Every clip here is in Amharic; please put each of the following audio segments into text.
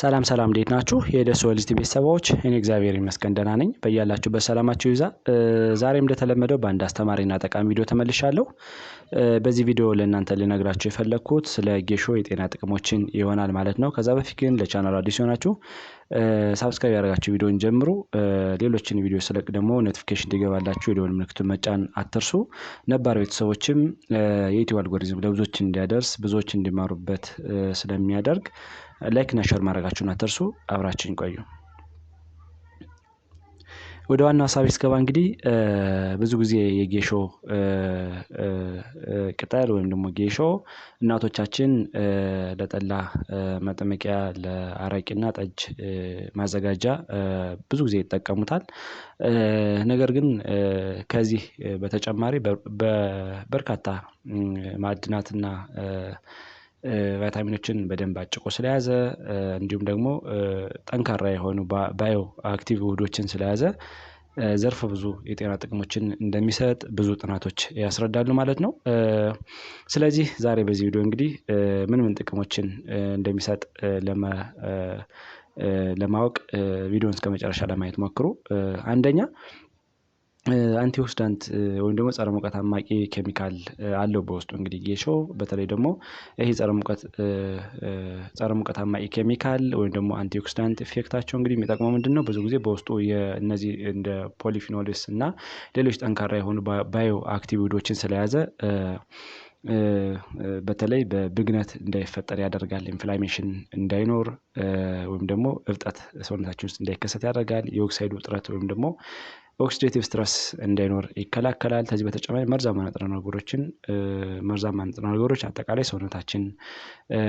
ሰላም ሰላም እንዴት ናችሁ? የደሱ ሄልዝ ቲዩብ ቤተሰቦች፣ እኔ እግዚአብሔር ይመስገን ደህና ነኝ። በያላችሁበት ሰላማችሁ ይብዛ። ዛሬም እንደተለመደው በአንድ አስተማሪና ጠቃሚ ቪዲዮ ተመልሻለሁ። በዚህ ቪዲዮ ለእናንተ ልነግራችሁ የፈለግኩት ስለ ጌሾ የጤና ጥቅሞችን ይሆናል ማለት ነው። ከዛ በፊት ግን ለቻናሉ አዲስ ሆናችሁ ሳብስክራይብ ያደርጋችሁ ቪዲዮን ጀምሩ። ሌሎችን ቪዲዮ ስለቅ ደግሞ ኖቲፊኬሽን እንዲገባላችሁ የደወል ምልክቱ መጫን አትርሱ። ነባር ቤተሰቦችም የዩቲዩብ አልጎሪዝም ለብዙዎች እንዲያደርስ ብዙዎች እንዲማሩበት ስለሚያደርግ ላይክና ሸር ማድረጋችሁን አትርሱ። አብራችን ቆዩ። ወደ ዋናው ሀሳቤ ስገባ እንግዲህ ብዙ ጊዜ የጌሾ ቅጠል ወይም ደግሞ ጌሾ እናቶቻችን ለጠላ መጥመቂያ ለአረቂና ጠጅ ማዘጋጃ ብዙ ጊዜ ይጠቀሙታል። ነገር ግን ከዚህ በተጨማሪ በርካታ ማዕድናትና ቫይታሚኖችን በደንብ አጭቆ ስለያዘ እንዲሁም ደግሞ ጠንካራ የሆኑ ባዮ አክቲቭ ውህዶችን ስለያዘ ዘርፈ ብዙ የጤና ጥቅሞችን እንደሚሰጥ ብዙ ጥናቶች ያስረዳሉ ማለት ነው። ስለዚህ ዛሬ በዚህ ቪዲዮ እንግዲህ ምን ምን ጥቅሞችን እንደሚሰጥ ለማወቅ ቪዲዮን እስከ መጨረሻ ለማየት ሞክሩ። አንደኛ አንቲኦክሲዳንት ወይም ደግሞ ጸረ ሙቀት አማቂ ኬሚካል አለው በውስጡ እንግዲህ ጌሾ በተለይ ደግሞ ይሄ ጸረ ሙቀት አማቂ ኬሚካል ወይም ደግሞ አንቲኦክሲዳንት ኢፌክታቸው እንግዲህ የሚጠቅመው ምንድነው? ብዙ ጊዜ በውስጡ እነዚህ እንደ ፖሊፊኖልስ እና ሌሎች ጠንካራ የሆኑ ባዮ አክቲቭ ውዶችን ስለያዘ በተለይ በብግነት እንዳይፈጠር ያደርጋል። ኢንፍላሜሽን እንዳይኖር ወይም ደግሞ እብጠት ሰውነታችን ውስጥ እንዳይከሰት ያደርጋል። የኦክሳይድ ውጥረት ወይም ደግሞ ኦክሲዴቲቭ ስትረስ እንዳይኖር ይከላከላል። ከዚህ በተጨማሪ መርዛማ ንጥረ ነገሮችን መርዛማ ንጥረ ነገሮች አጠቃላይ ሰውነታችን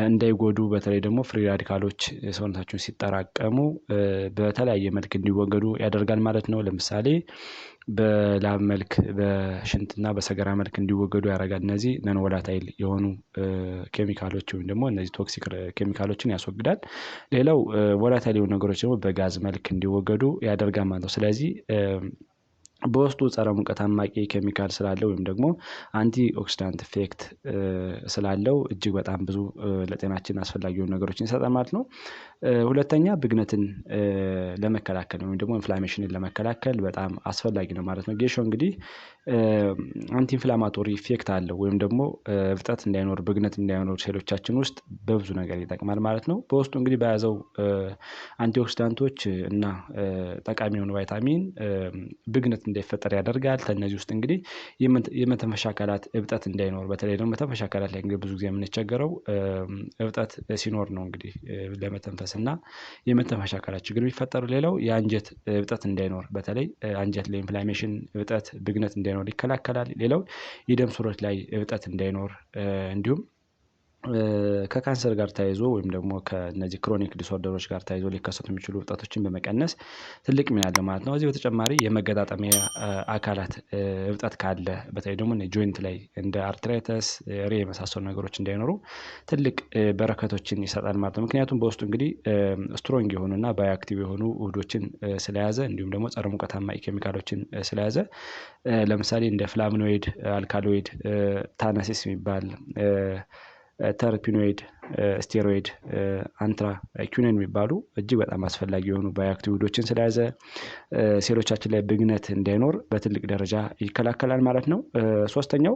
እንዳይጎዱ በተለይ ደግሞ ፍሪ ራዲካሎች ሰውነታችን ሲጠራቀሙ በተለያየ መልክ እንዲወገዱ ያደርጋል ማለት ነው። ለምሳሌ በላብ መልክ በሽንትና በሰገራ መልክ እንዲወገዱ ያደርጋል። እነዚህ ነን ወላታይል የሆኑ ኬሚካሎች ወይም ደግሞ እነዚህ ቶክሲክ ኬሚካሎችን ያስወግዳል። ሌላው ወላታይል የሆኑ ነገሮች ደግሞ በጋዝ መልክ እንዲወገዱ ያደርጋል ማለት ነው። ስለዚህ በውስጡ ጸረ ሙቀት አማቂ ኬሚካል ስላለው ወይም ደግሞ አንቲ ኦክሲዳንት ኢፌክት ስላለው እጅግ በጣም ብዙ ለጤናችን አስፈላጊ የሆኑ ነገሮችን ይሰጣል ማለት ነው። ሁለተኛ ብግነትን ለመከላከል ወይም ደግሞ ኢንፍላሜሽንን ለመከላከል በጣም አስፈላጊ ነው ማለት ነው። ጌሾ እንግዲህ አንቲ ኢንፍላማቶሪ ኢፌክት አለው ወይም ደግሞ እብጠት እንዳይኖር ብግነት እንዳይኖር ሴሎቻችን ውስጥ በብዙ ነገር ይጠቅማል ማለት ነው። በውስጡ እንግዲህ በያዘው አንቲኦክሲዳንቶች እና ጠቃሚ የሆኑ ቫይታሚን ብግነት እንዳይፈጠር ያደርጋል። ከእነዚህ ውስጥ እንግዲህ የመተንፈሻ አካላት እብጠት እንዳይኖር በተለይ ደግሞ መተንፈሻ አካላት ላይ እንግዲህ ብዙ ጊዜ የምንቸገረው እብጠት ሲኖር ነው። እንግዲህ ለመተንፈስ እና የመተንፈሻ አካላት ችግር የሚፈጠሩ ሌላው የአንጀት እብጠት እንዳይኖር በተለይ አንጀት ላይ ኢንፍላሜሽን እብጠት ብግነት እንዳይኖር እንዳይኖር ይከላከላል። ሌላው የደም ስሮች ላይ እብጠት እንዳይኖር እንዲሁም ከካንሰር ጋር ተያይዞ ወይም ደግሞ ከነዚህ ክሮኒክ ዲስኦርደሮች ጋር ተያይዞ ሊከሰቱ የሚችሉ እብጠቶችን በመቀነስ ትልቅ ሚና አለ ማለት ነው። እዚህ በተጨማሪ የመገጣጠሚያ አካላት እብጠት ካለ በተለይ ደግሞ ጆይንት ላይ እንደ አርትራይተስ፣ ሬ የመሳሰሉ ነገሮች እንዳይኖሩ ትልቅ በረከቶችን ይሰጣል ማለት ነው። ምክንያቱም በውስጡ እንግዲህ ስትሮንግ የሆኑና ባይአክቲቭ የሆኑ ውህዶችን ስለያዘ እንዲሁም ደግሞ ጸረ ሙቀታማ ኬሚካሎችን ስለያዘ ለምሳሌ እንደ ፍላምኖይድ፣ አልካሎይድ፣ ታነሲስ የሚባል ተርፒኖይድ፣ ስቴሮይድ፣ አንትራ ኪኒን የሚባሉ እጅግ በጣም አስፈላጊ የሆኑ ባዮአክቲቪዶችን ስለያዘ ሴሎቻችን ላይ ብግነት እንዳይኖር በትልቅ ደረጃ ይከላከላል ማለት ነው። ሶስተኛው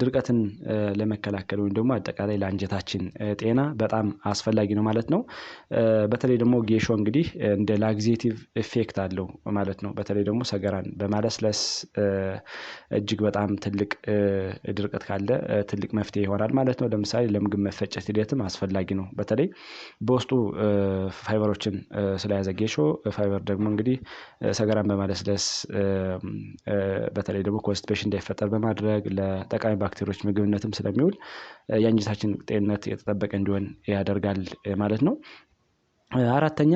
ድርቀትን ለመከላከል ወይም ደግሞ አጠቃላይ ለአንጀታችን ጤና በጣም አስፈላጊ ነው ማለት ነው። በተለይ ደግሞ ጌሾ እንግዲህ እንደ ላግዜቲቭ ኢፌክት አለው ማለት ነው። በተለይ ደግሞ ሰገራን በማለስለስ እጅግ በጣም ትልቅ ድርቀት ካለ ትልቅ መፍትሄ ይሆናል ማለት ነው። ለምሳሌ ለምግብ መፈጨት ሂደትም አስፈላጊ ነው። በተለይ በውስጡ ፋይበሮችን ስለያዘ ጌሾ ፋይበር ደግሞ እንግዲህ ሰገራን በማለስለስ በተለይ ደግሞ ኮንስቲፔሽን እንዳይፈጠር በማድረግ ለ ጠቃሚ ባክቴሪዎች ምግብነትም ስለሚውል የአንጀታችን ጤንነት የተጠበቀ እንዲሆን ያደርጋል ማለት ነው። አራተኛ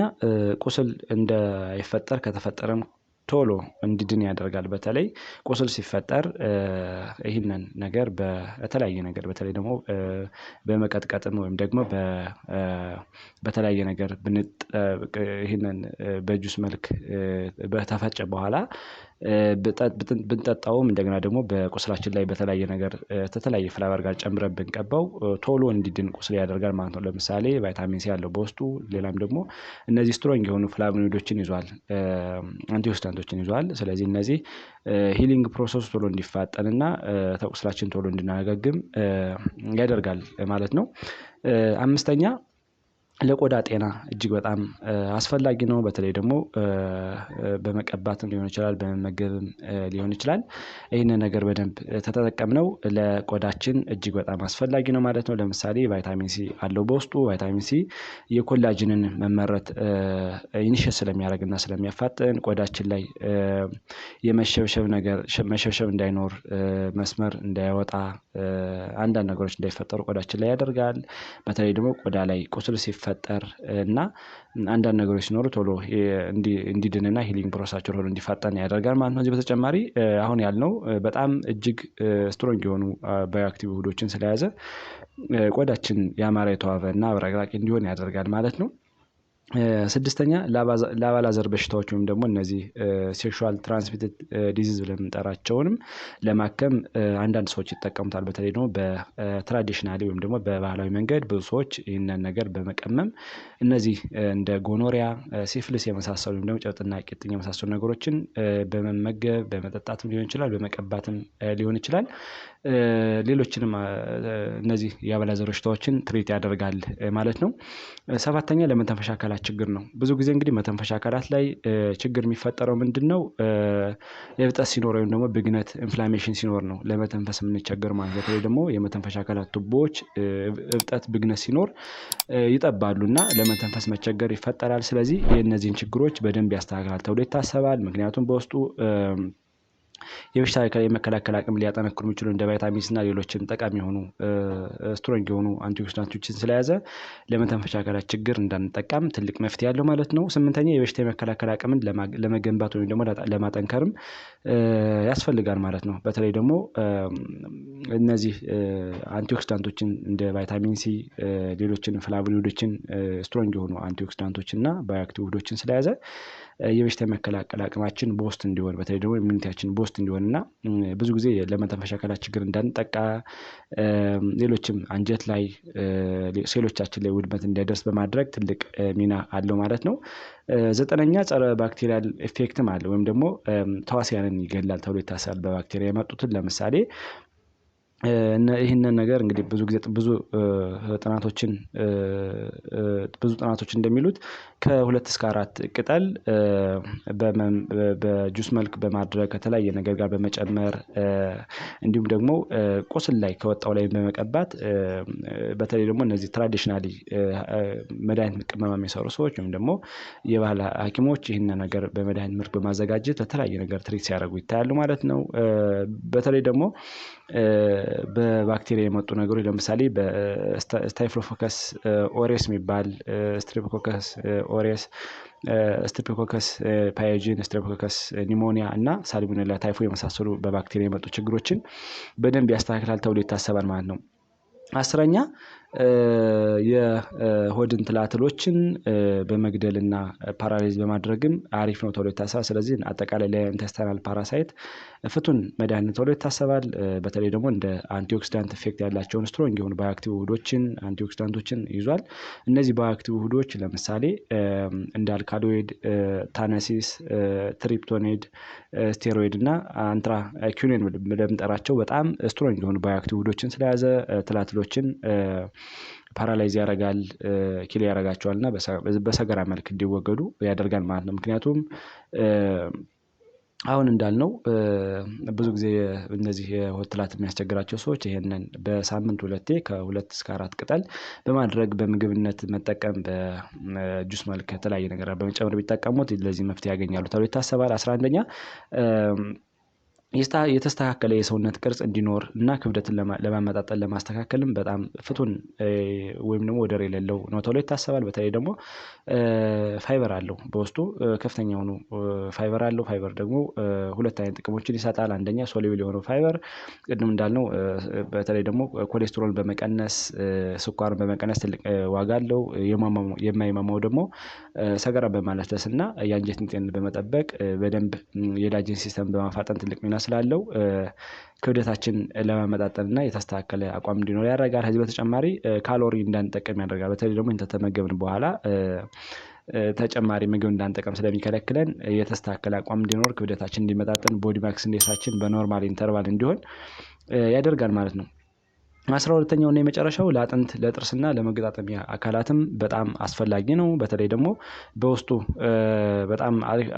ቁስል እንዳይፈጠር ከተፈጠረም ቶሎ እንዲድን ያደርጋል። በተለይ ቁስል ሲፈጠር ይህንን ነገር በተለያየ ነገር በተለይ ደግሞ በመቀጥቀጥም ወይም ደግሞ በተለያየ ነገር ይህንን በጁስ መልክ በተፈጨ በኋላ ብንጠጣውም እንደገና ደግሞ በቁስላችን ላይ በተለያየ ነገር ተተለያየ ፍላበር ጋር ጨምረን ብንቀባው ቶሎ እንዲድን ቁስል ያደርጋል ማለት ነው። ለምሳሌ ቫይታሚን ሲ ያለው በውስጡ ሌላም ደግሞ እነዚህ ስትሮንግ የሆኑ ፍላቮኖይዶችን ይዟል። አንቲኦክሲዳንት ፕላንቶችን ይዟል። ስለዚህ እነዚህ ሂሊንግ ፕሮሰሱ ቶሎ እንዲፋጠንና ተቁስላችን ቶሎ እንድናገግም ያደርጋል ማለት ነው። አምስተኛ ለቆዳ ጤና እጅግ በጣም አስፈላጊ ነው። በተለይ ደግሞ በመቀባትም ሊሆን ይችላል በመመገብም ሊሆን ይችላል። ይህንን ነገር በደንብ ከተጠቀምነው ለቆዳችን እጅግ በጣም አስፈላጊ ነው ማለት ነው። ለምሳሌ ቫይታሚን ሲ አለው በውስጡ ቫይታሚን ሲ የኮላጅንን መመረት ኢኒሽ ስለሚያደርግና ስለሚያፋጥን ቆዳችን ላይ የመሸብሸብ ነገር መሸብሸብ እንዳይኖር መስመር እንዳይወጣ አንዳንድ ነገሮች እንዳይፈጠሩ ቆዳችን ላይ ያደርጋል። በተለይ ደግሞ ቆዳ ላይ ቁስል ሲፈጠር እንዲፈጠር እና አንዳንድ ነገሮች ሲኖሩ ቶሎ እንዲድንና ሂሊንግ ፕሮሳቸው ቶሎ እንዲፈጠን ያደርጋል ማለት ነው። እዚህ በተጨማሪ አሁን ያልነው በጣም እጅግ ስትሮንግ የሆኑ ባዮአክቲቭ ውህዶችን ስለያዘ ቆዳችን ያማረ የተዋበ እና አብረቅራቂ እንዲሆን ያደርጋል ማለት ነው ስድስተኛ ለአባላዘር በሽታዎች ወይም ደግሞ እነዚህ ሴክሹዋል ትራንስሚትድ ዲዚዝ ብለን የምንጠራቸውንም ለማከም አንዳንድ ሰዎች ይጠቀሙታል። በተለይ ደግሞ በትራዲሽናሊ ወይም ደግሞ በባህላዊ መንገድ ብዙ ሰዎች ይህንን ነገር በመቀመም እነዚህ እንደ ጎኖሪያ፣ ሲፍልስ የመሳሰሉ ወይም ደግሞ ጨብጥና ቂጥኝ የመሳሰሉ ነገሮችን በመመገብ በመጠጣትም ሊሆን ይችላል በመቀባትም ሊሆን ይችላል ሌሎችንም እነዚህ የአበላዘር ዘበሽታዎችን ትሪት ያደርጋል ማለት ነው። ሰባተኛ ለመተንፈሻ አካላት ችግር ነው። ብዙ ጊዜ እንግዲህ መተንፈሻ አካላት ላይ ችግር የሚፈጠረው ምንድን ነው? እብጠት ሲኖር ወይም ደግሞ ብግነት ኢንፍላሜሽን ሲኖር ነው ለመተንፈስ የምንቸገር ማለት። በተለይ ደግሞ የመተንፈሻ አካላት ቱቦዎች እብጠት፣ ብግነት ሲኖር ይጠባሉ እና ለመተንፈስ መቸገር ይፈጠራል። ስለዚህ የእነዚህን ችግሮች በደንብ ያስተካክላል ተብሎ ይታሰባል። ምክንያቱም በውስጡ የበሽታ የመከላከል አቅም ሊያጠነክሩ የሚችሉ እንደ ቫይታሚንስ እና ሌሎችም ጠቃሚ የሆኑ ስትሮንግ የሆኑ አንቲኦክሲዳንቶችን ስለያዘ ለመተንፈሻ አካላት ችግር እንዳንጠቃም ትልቅ መፍትሄ ያለው ማለት ነው። ስምንተኛ የበሽታ የመከላከል አቅምን ለመገንባት ወይም ደግሞ ለማጠንከርም ያስፈልጋል ማለት ነው። በተለይ ደግሞ እነዚህ አንቲኦክሲዳንቶችን እንደ ቫይታሚን ሲ ሌሎችን ፍላቮኖይዶችን ስትሮንግ የሆኑ አንቲኦክሲዳንቶችን እና ባዮአክቲቭ ውህዶችን ስለያዘ የበሽታ የመከላከል አቅማችን በውስጥ እንዲሆን በተለይ ደግሞ ኢሚኒቲያችን በውስጥ እንዲሆን እና ብዙ ጊዜ ለመተንፈሻ አካላት ችግር እንዳንጠቃ ሌሎችም አንጀት ላይ ሴሎቻችን ላይ ውድመት እንዳይደርስ በማድረግ ትልቅ ሚና አለው ማለት ነው። ዘጠነኛ ጸረ ባክቴሪያል ኢፌክትም አለ ወይም ደግሞ ተዋሲያንን ይገላል ተብሎ ይታሰራል። በባክቴሪያ የመጡትን ለምሳሌ ይህንን ነገር እንግዲህ ብዙ ጊዜ ብዙ ጥናቶችን ብዙ ጥናቶች እንደሚሉት ከሁለት እስከ አራት ቅጠል በጁስ መልክ በማድረግ ከተለያየ ነገር ጋር በመጨመር እንዲሁም ደግሞ ቁስል ላይ ከወጣው ላይ በመቀባት በተለይ ደግሞ እነዚህ ትራዲሽናሊ መድኃኒት ቅመማ የሚሰሩ ሰዎች ወይም ደግሞ የባህል ሐኪሞች ይህን ነገር በመድኃኒት መልክ በማዘጋጀት ለተለያየ ነገር ትሪት ሲያደርጉ ይታያሉ ማለት ነው። በተለይ ደግሞ በባክቴሪያ የመጡ ነገሮች ለምሳሌ በስታይፍሎፎከስ ኦሬስ የሚባል ስትሪፕኮከስ ኦሬስ፣ ስትሪፕኮከስ ፓያጂን ስትሪፕኮከስ ኒሞኒያ እና ሳልሞኔላ ታይፎ የመሳሰሉ በባክቴሪያ የመጡ ችግሮችን በደንብ ያስተካክላል ተብሎ ይታሰባል ማለት ነው። አስረኛ የሆድን ትላትሎችን በመግደልና ፓራላይዝ በማድረግም አሪፍ ነው ተብሎ ይታሰባል። ስለዚህ አጠቃላይ ለኢንተስተናል ፓራሳይት ፍቱን መድኃኒት ተብሎ ይታሰባል። በተለይ ደግሞ እንደ አንቲኦክሲዳንት ኢፌክት ያላቸውን ስትሮንግ የሆኑ ባዮአክቲቭ ውህዶችን አንቲኦክሲዳንቶችን ይዟል። እነዚህ ባዮአክቲቭ ውህዶች ለምሳሌ እንደ አልካሎይድ፣ ታነሲስ፣ ትሪፕቶኔድ፣ ስቴሮይድ እና አንትራ ኪኒን ለምንጠራቸው በጣም ስትሮንግ የሆኑ ባዮአክቲቭ ውህዶችን ስለያዘ ትላትሎችን ፓራላይዝ ያደርጋል ኪል ያደርጋቸዋል እና በሰገራ መልክ እንዲወገዱ ያደርጋል ማለት ነው። ምክንያቱም አሁን እንዳልነው ብዙ ጊዜ እነዚህ የሆድ ትላት የሚያስቸግራቸው ሰዎች ይሄንን በሳምንት ሁለቴ ከሁለት እስከ አራት ቅጠል በማድረግ በምግብነት መጠቀም በጁስ መልክ ከተለያየ ነገር በመጨመር ቢጠቀሙት ለዚህ መፍትሄ ያገኛሉ ተብሎ ይታሰባል። አስራ አንደኛ የተስተካከለ የሰውነት ቅርጽ እንዲኖር እና ክብደትን ለማመጣጠን ለማስተካከልም በጣም ፍቱን ወይም ደግሞ ወደር የሌለው ነው ተብሎ ይታሰባል። በተለይ ደግሞ ፋይበር አለው በውስጡ ከፍተኛ የሆኑ ፋይበር አለው። ፋይበር ደግሞ ሁለት አይነት ጥቅሞችን ይሰጣል። አንደኛ ሶሊብል የሆነው ፋይበር ቅድም እንዳልነው በተለይ ደግሞ ኮሌስትሮል በመቀነስ ስኳርን በመቀነስ ትልቅ ዋጋ አለው። የማይሟሟው ደግሞ ሰገራ በማለስለስ እና የአንጀትን ጤንነት በመጠበቅ በደንብ የዳጅን ሲስተም በማፋጠን ትልቅ ሚና ስላለው ክብደታችን ለመመጣጠን እና የተስተካከለ አቋም እንዲኖር ያደርጋል። ከዚህ በተጨማሪ ካሎሪ እንዳንጠቀም ያደርጋል። በተለይ ደግሞ ተመገብን በኋላ ተጨማሪ ምግብ እንዳንጠቀም ስለሚከለክለን የተስተካከለ አቋም እንዲኖር ክብደታችን እንዲመጣጠን ቦዲ ማክስ ኢንዴክሳችን በኖርማል ኢንተርቫል እንዲሆን ያደርጋል ማለት ነው። አስራ ሁለተኛው እና የመጨረሻው ለአጥንት ለጥርስና ለመገጣጠሚያ አካላትም በጣም አስፈላጊ ነው። በተለይ ደግሞ በውስጡ በጣም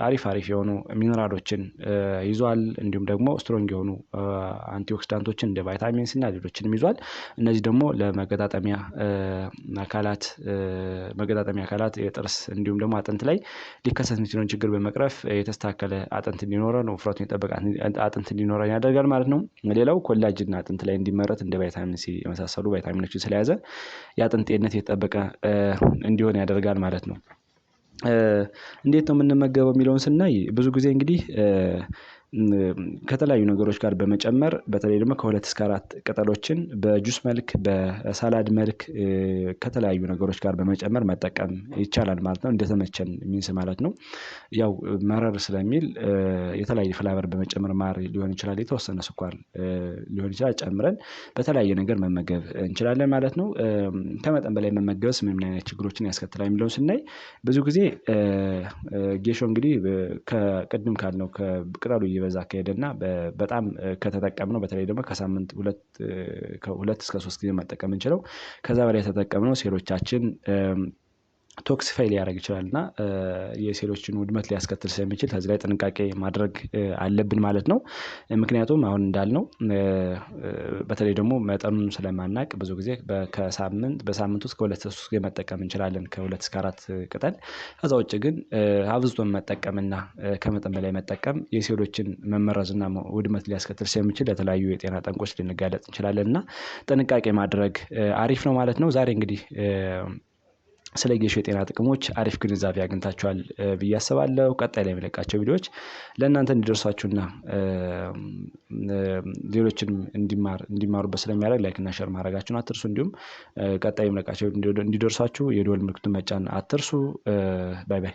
አሪፍ አሪፍ የሆኑ ሚኔራሎችን ይዟል። እንዲሁም ደግሞ ስትሮንግ የሆኑ አንቲኦክሲዳንቶችን እንደ ቫይታሚንስ እና ሌሎችንም ይዟል። እነዚህ ደግሞ ለመገጣጠሚያ አካላት መገጣጠሚያ አካላት የጥርስ እንዲሁም ደግሞ አጥንት ላይ ሊከሰት የሚችለውን ችግር በመቅረፍ የተስተካከለ አጥንት እንዲኖረን ውፍረቱን የጠበቀ አጥንት እንዲኖረን ያደርጋል ማለት ነው። ሌላው ኮላጅን አጥንት ላይ እንዲመረት እንደ ቫይታሚን ሲ የመሳሰሉ ቫይታሚኖችን ስለያዘ የአጥንት ጤንነት የተጠበቀ እንዲሆን ያደርጋል ማለት ነው። እንዴት ነው የምንመገበው የሚለውን ስናይ ብዙ ጊዜ እንግዲህ ከተለያዩ ነገሮች ጋር በመጨመር በተለይ ደግሞ ከሁለት እስከ አራት ቅጠሎችን በጁስ መልክ በሳላድ መልክ ከተለያዩ ነገሮች ጋር በመጨመር መጠቀም ይቻላል ማለት ነው። እንደተመቸን ሚንስ ማለት ነው። ያው መረር ስለሚል የተለያየ ፍላበር በመጨመር ማር ሊሆን ይችላል የተወሰነ ስኳር ሊሆን ይችላል ጨምረን በተለያየ ነገር መመገብ እንችላለን ማለት ነው። ከመጠን በላይ መመገብስ ምን አይነት ችግሮችን ያስከትላል የሚለውን ስናይ ብዙ ጊዜ ጌሾ እንግዲህ ከቅድም ካልነው ከቅጠሉ እየበዛ ከሄደ እና በጣም ነው በተለይ ደግሞ ከሳምንት ሁለት እስከ ሶስት ጊዜ መጠቀም እንችለው ከዛ በላይ ነው ሴሎቻችን ቶክሲፋይ ሊያደርግ ይችላል እና የሴሎችን ውድመት ሊያስከትል ስለሚችል ከዚህ ላይ ጥንቃቄ ማድረግ አለብን ማለት ነው። ምክንያቱም አሁን እንዳልነው በተለይ ደግሞ መጠኑን ስለማናቅ ብዙ ጊዜ ከሳምንት በሳምንት ውስጥ ከሁለት ሶስት ጊዜ መጠቀም እንችላለን ከሁለት እስከ አራት ቅጠል። ከዛ ውጭ ግን አብዝቶ መጠቀምና ከመጠን በላይ መጠቀም የሴሎችን መመረዝና ውድመት ሊያስከትል ስለሚችል ለተለያዩ የጤና ጠንቆች ልንጋለጥ እንችላለን እና ጥንቃቄ ማድረግ አሪፍ ነው ማለት ነው። ዛሬ እንግዲህ ስለ ጌሾ የጤና ጥቅሞች አሪፍ ግንዛቤ አግኝታችኋል ብዬ አስባለሁ። ቀጣይ ላይ የሚለቃቸው ቪዲዮዎች ለእናንተ እንዲደርሷችሁና ሌሎችንም እንዲማሩበት ስለሚያደርግ ላይክና ሸር ማድረጋችሁን አትርሱ። እንዲሁም ቀጣይ የሚለቃቸው እንዲደርሷችሁ የደወል ምልክቱን መጫን አትርሱ። ባይ ባይ።